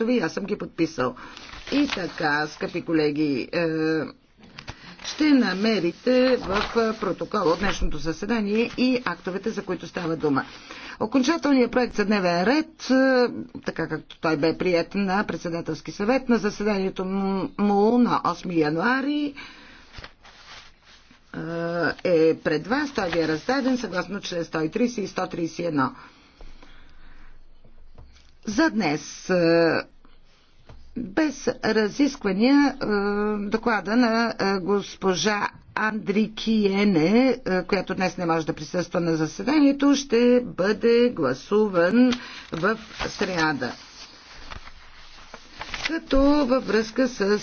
и ами, аз съм ги подписал. И така, скъпи колеги, е, ще намерите в е, протокола от днешното заседание и актовете, за които става дума. Окончателният проект за дневен ред, е, така както той бе прият на председателски съвет на заседанието му на 8 януари, е пред вас. Той ви е раздаден съгласно член 130 и 131. За днес е, без разисквания е, доклада на е, госпожа Андри Киене, която днес не може да присъства на заседанието, ще бъде гласуван в среда. Като във връзка с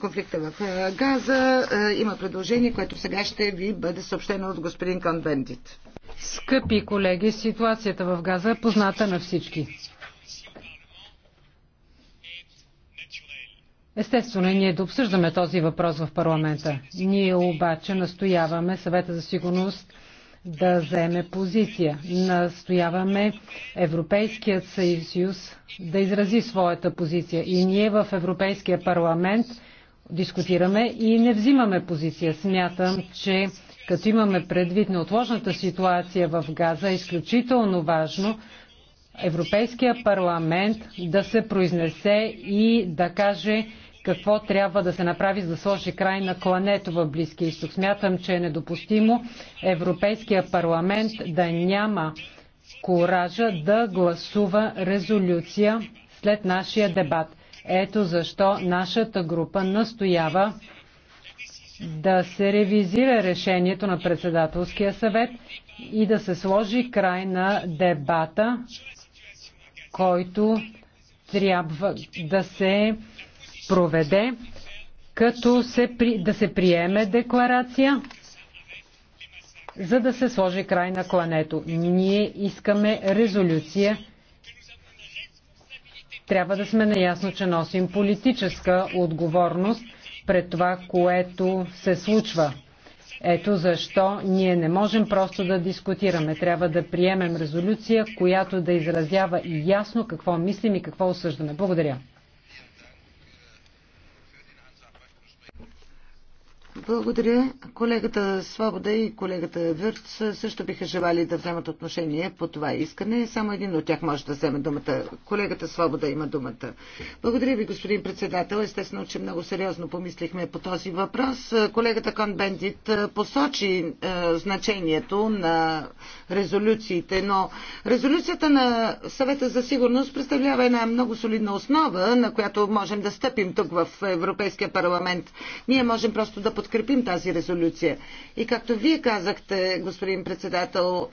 конфликта в Газа има предложение, което сега ще ви бъде съобщено от господин Конвендит. Скъпи колеги, ситуацията в Газа е позната на всички. Естествено, ние да обсъждаме този въпрос в парламента. Ние обаче настояваме съвета за сигурност да вземе позиция. Настояваме Европейският съюз да изрази своята позиция. И ние в Европейския парламент дискутираме и не взимаме позиция. Смятам, че като имаме предвид неотложната ситуация в Газа, е изключително важно Европейския парламент да се произнесе и да каже какво трябва да се направи, за да сложи край на клането в Близкия изток. Смятам, че е недопустимо Европейския парламент да няма коража да гласува резолюция след нашия дебат. Ето защо нашата група настоява да се ревизира решението на председателския съвет и да се сложи край на дебата, който трябва да се проведе, като се, да се приеме декларация, за да се сложи край на клането. Ние искаме резолюция. Трябва да сме наясно, че носим политическа отговорност – пред това, което се случва. Ето защо ние не можем просто да дискутираме. Трябва да приемем резолюция, която да изразява и ясно какво мислим и какво осъждаме. Благодаря. Благодаря. Колегата Свобода и колегата Вирц също биха желали да вземат отношение по това искане. Само един от тях може да вземе думата. Колегата Свобода има думата. Благодаря ви, господин председател. Естествено, че много сериозно помислихме по този въпрос. Колегата Кон Бендит посочи значението на резолюциите, но резолюцията на съвета за сигурност представлява една много солидна основа, на която можем да стъпим тук в Европейския парламент. Ние можем просто да подкрепим подкрепим тази резолюция. И както вие казахте, господин председател,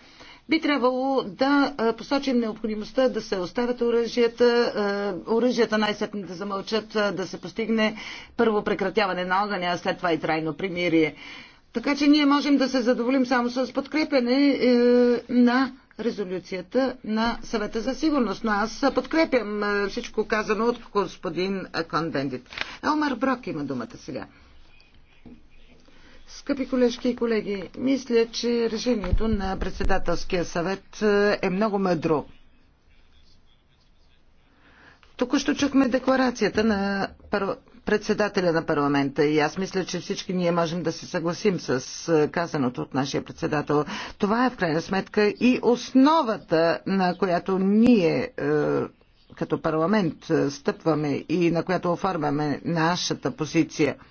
би трябвало да посочим необходимостта да се оставят оръжията, оръжията най-сетне да замълчат, да се постигне първо прекратяване на огъня, а след това и трайно примирие. Така че ние можем да се задоволим само с подкрепене е, на резолюцията на съвета за сигурност. Но аз подкрепям е, всичко казано от господин Бендит. Елмар Брок има думата сега. Скъпи колежки и колеги, мисля, че решението на председателския съвет е много мъдро. Току-що чухме декларацията на председателя на парламента и аз мисля, че всички ние можем да се съгласим с е, казаното от нашия председател. Това е в крайна сметка и основата, на която ние е, като парламент е, стъпваме и на която оформяме нашата позиция –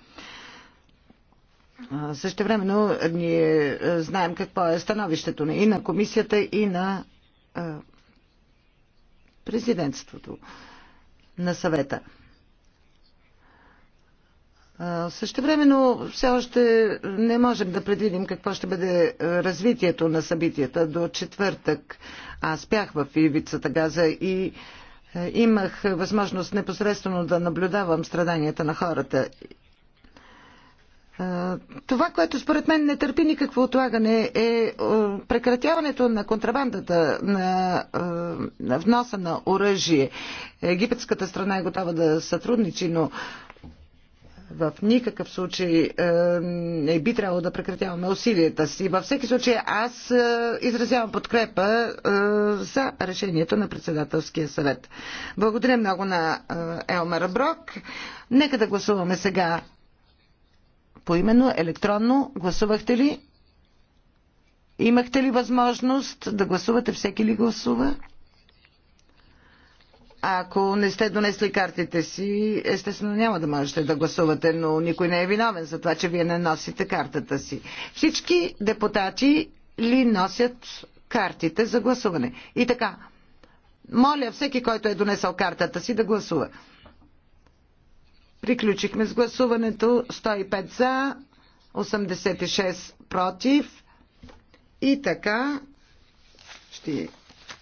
също времено ние знаем какво е становището и на комисията, и на президентството на съвета. Също времено все още не можем да предвидим какво ще бъде развитието на събитията до четвъртък. Аз пях в Ивицата Газа и имах възможност непосредствено да наблюдавам страданията на хората това, което според мен не търпи никакво отлагане е, е прекратяването на контрабандата, на, на вноса на оръжие. Египетската страна е готова да сътрудничи, но в никакъв случай не би трябвало да прекратяваме усилията си. Във всеки случай аз изразявам подкрепа за решението на председателския съвет. Благодаря много на Елмара Брок. Нека да гласуваме сега поименно, електронно. Гласувахте ли? Имахте ли възможност да гласувате? Всеки ли гласува? Ако не сте донесли картите си, естествено няма да можете да гласувате, но никой не е виновен за това, че вие не носите картата си. Всички депутати ли носят картите за гласуване? И така, моля всеки, който е донесъл картата си, да гласува. Приключихме с гласуването. 105 за, 86 против. И така ще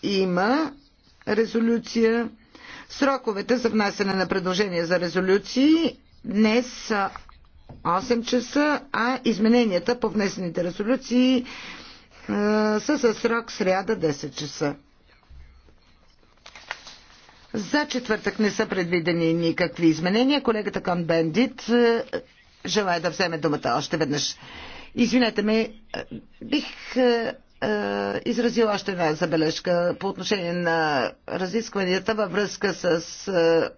има резолюция. Сроковете за внасяне на предложения за резолюции днес са 8 часа, а измененията по внесените резолюции са със срок сряда 10 часа. За четвъртък не са предвидени никакви изменения. Колегата Кон Бендит е, желая да вземе думата още веднъж. Извинете ме, е, бих е, изразил още една забележка по отношение на разискванията във връзка с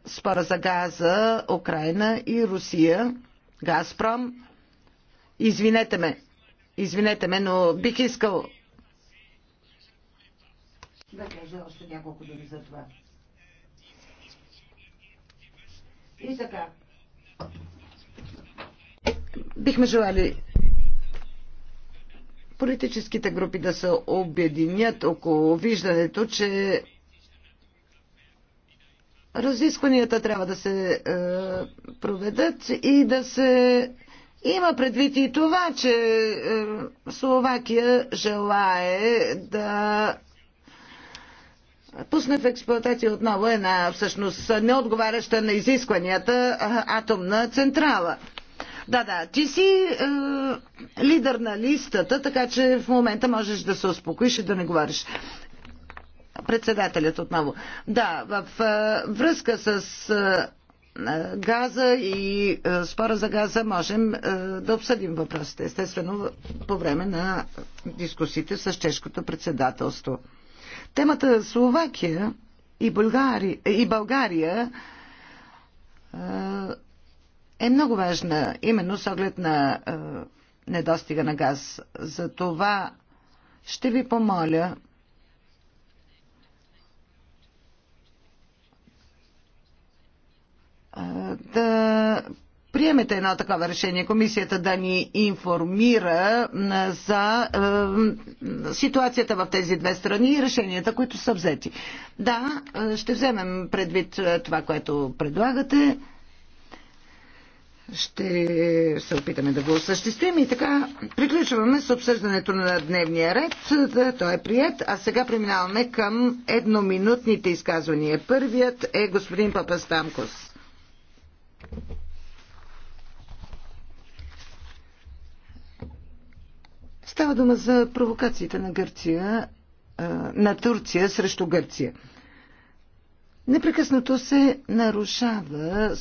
спора за газа, Украина и Русия, Газпром. Извинете ме, извинете ме, но бих искал да кажа още няколко думи за това. И така. Бихме желали политическите групи да се обединят около виждането, че разискванията трябва да се е, проведат и да се има предвид и това, че е, Словакия желае да пусна в експлоатация отново една всъщност неотговаряща на изискванията атомна централа. Да, да, ти си е, лидер на листата, така че в момента можеш да се успокоиш и да не говориш. Председателят отново. Да, в е, връзка с е, газа и е, спора за газа можем е, да обсъдим въпросите, естествено, по време на дискусите с чешкото председателство. Темата Словакия и, България, е, и България е, е много важна, именно с оглед на е, недостига на газ. За това ще ви помоля да приемете едно такова решение, комисията да ни информира за ситуацията в тези две страни и решенията, които са взети. Да, ще вземем предвид това, което предлагате. Ще се опитаме да го осъществим и така приключваме с обсъждането на дневния ред. Да, той е прият, а сега преминаваме към едноминутните изказвания. Първият е господин Папастамкос. Става дума за провокациите на Гърция, на Турция срещу Гърция. Непрекъснато се нарушава